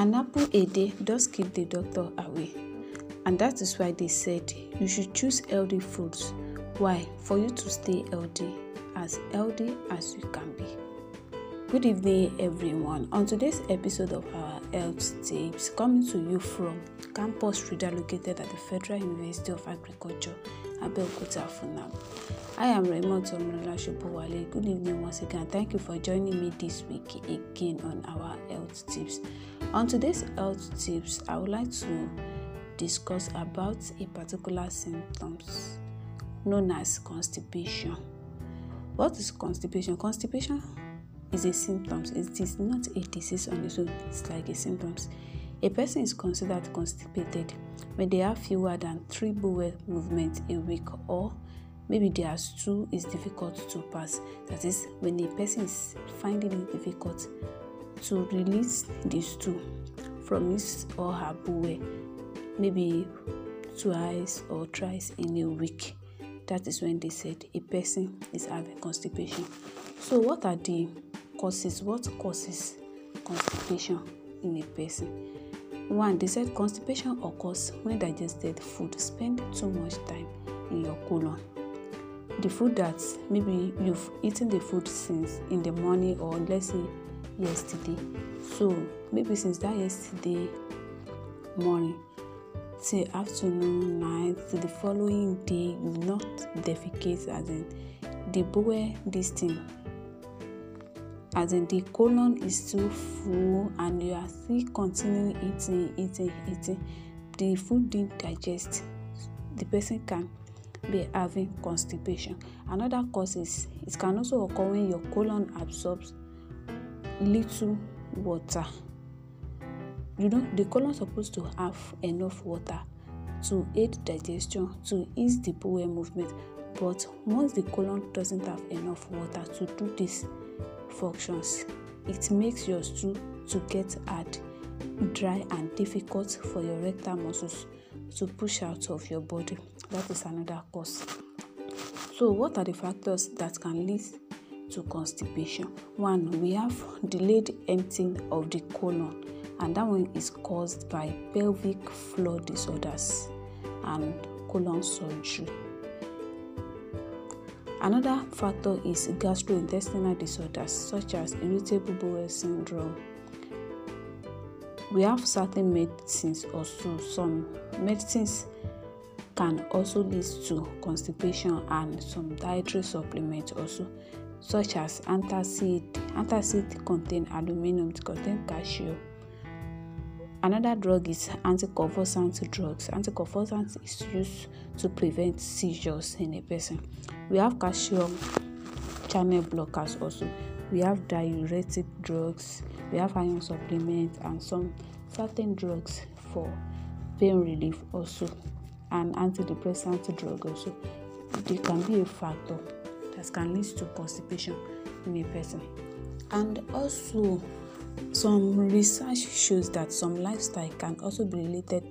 An apple a day does keep the doctor away, and that is why they said you should choose healthy foods. Why? For you to stay healthy, as healthy as you can be. Good evening, everyone. On today's episode of our health tips, coming to you from campus reader located at the Federal University of Agriculture Abeokuta, Funab. I am Raymond Tomrila Shobowale. Good evening once again. Thank you for joining me this week again on our health tips. On today's health tips, I would like to discuss about a particular symptoms known as constipation. What is constipation? Constipation is a symptom. It is not a disease on its own. It's like a symptoms. A person is considered constipated when they have fewer than three bowel movements a week or maybe their stool is difficult to pass. That is, when a person is finding it difficult to release the stool from his or her bowel, maybe twice or thrice in a week. That is when they said a person is having constipation. So, what are the causes? What causes constipation in a person? One, They said constipation occurs when digested food spend too much time in your colon. The food that maybe you've eaten the food since in the morning or let's say yesterday. So maybe since that yesterday morning till afternoon, night, till the following day, you not defecate as in the bowel this thing as in the colon is still full and you are still continuing eating eating eating the food didn't digest the person can be having constipation another cause is it can also occur when your colon absorbs little water you know the colon supposed to have enough water to aid digestion to ease the bowel movement but once the colon doesn't have enough water to do this functions. It makes your stool to get hard, dry and difficult for your rectal muscles to push out of your body. That is another cause. So what are the factors that can lead to constipation? One, we have delayed emptying of the colon and that one is caused by pelvic floor disorders and colon surgery. Another factor is gastrointestinal disorders such as irritable bowel syndrome. We have certain medicines also some medicines can also lead to constipation and some dietary supplements also such as antacid. Antacid contain aluminum, contain calcium Another drug is anticonvulsant drugs. Anticonvulsant is used to prevent seizures in a person. We have calcium channel blockers also. We have diuretic drugs, we have iron supplements and some certain drugs for pain relief also and antidepressant drugs also. They can be a factor that can lead to constipation in a person. And also some research shows that some lifestyle can also be related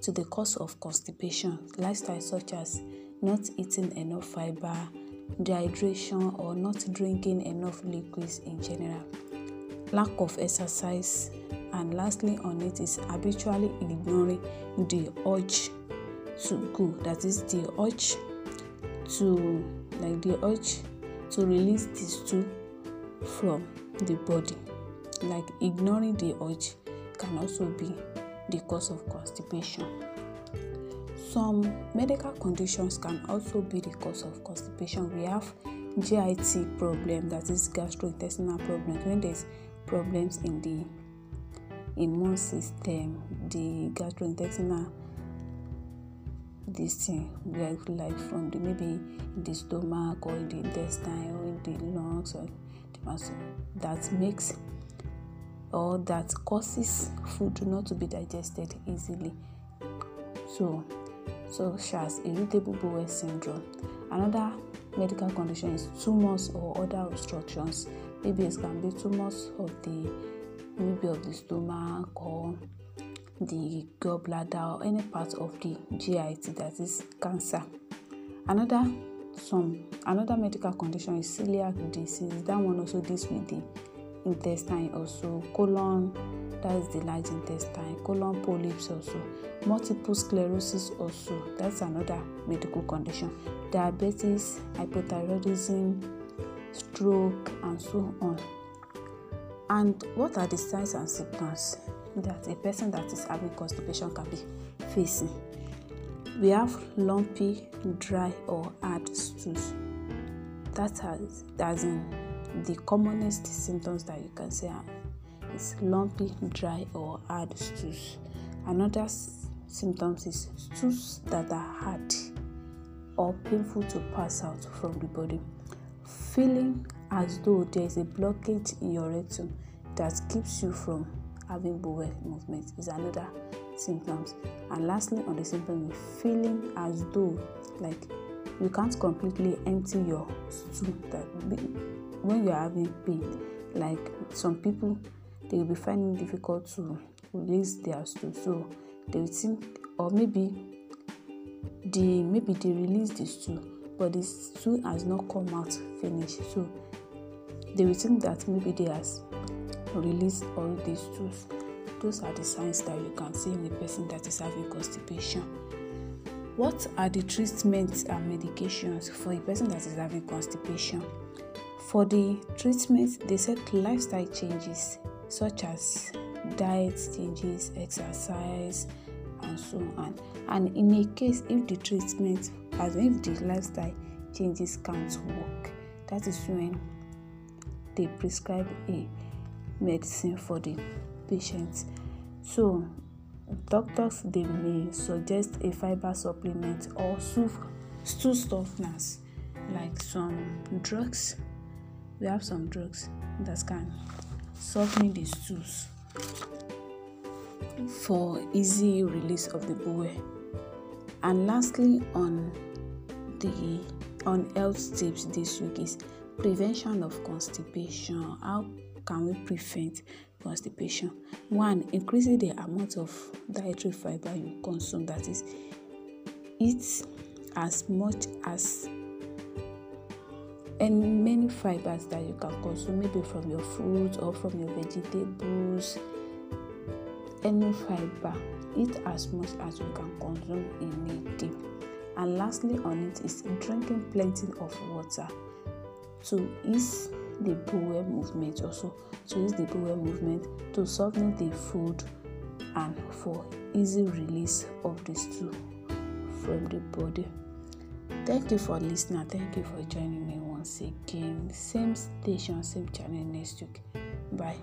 to the cause of constipation. Lifestyle such as not eating enough fiber, dehydration, or not drinking enough liquids in general, lack of exercise, and lastly on it is habitually ignoring the urge to go. That is the urge to like the urge to release these two from the body like ignoring the urge can also be the cause of constipation. Some medical conditions can also be the cause of constipation. We have GIT problem, that is gastrointestinal problems. When there's problems in the immune system, the gastrointestinal this thing like from the maybe in the stomach or in the intestine or in the lungs or the muscle that makes or that causes food not to be digested easily. So, such as irritable bowel syndrome. Another medical condition is tumors or other obstructions. Maybe it can be tumors of the maybe of the stomach or the gallbladder or any part of the GIT that is cancer. Another some another medical condition is celiac disease. That one also deals with the intestine also colon that's the large intestine colon polyps also multiple sclerosis also that's another medical condition diabetes hypothyroidism stroke and so on and what are the signs and symptoms that a person that is having constipation can be facing we have lumpy dry or hard stools that has doesn't the commonest symptoms that you can see are: is lumpy, dry, or hard stools. Another symptoms is stools that are hard or painful to pass out from the body. Feeling as though there is a blockage in your rectum that keeps you from having bowel movement is another symptoms. And lastly, on the symptom, feeling as though like you can't completely empty your stool that when you are having pain like some people they will be finding it difficult to release their stool so they will think or maybe they maybe they release the stool but the stool has not come out finish so they will think that maybe they has released all these stools those are the signs that you can see in a person that is having constipation what are the treatments and medications for a person that is having constipation for the treatment, they set lifestyle changes such as diet changes, exercise, and so on. And in a case, if the treatment as if the lifestyle changes can't work, that is when they prescribe a medicine for the patient. So, doctors they may suggest a fiber supplement or stool softeners like some drugs we have some drugs that can soften the stools for easy release of the bowel. And lastly, on the on health tips this week is prevention of constipation. How can we prevent constipation? One, increasing the amount of dietary fiber you consume. That is, eat as much as and many fibers that you can consume, maybe from your fruits or from your vegetables. Any fiber, eat as much as you can consume in a day. And lastly, on it is drinking plenty of water to ease the bowel movement, also to ease the bowel movement, to soften the food, and for easy release of the stool from the body. Thank you for listening. Thank you for joining me once again. Same station, same channel next week. Bye.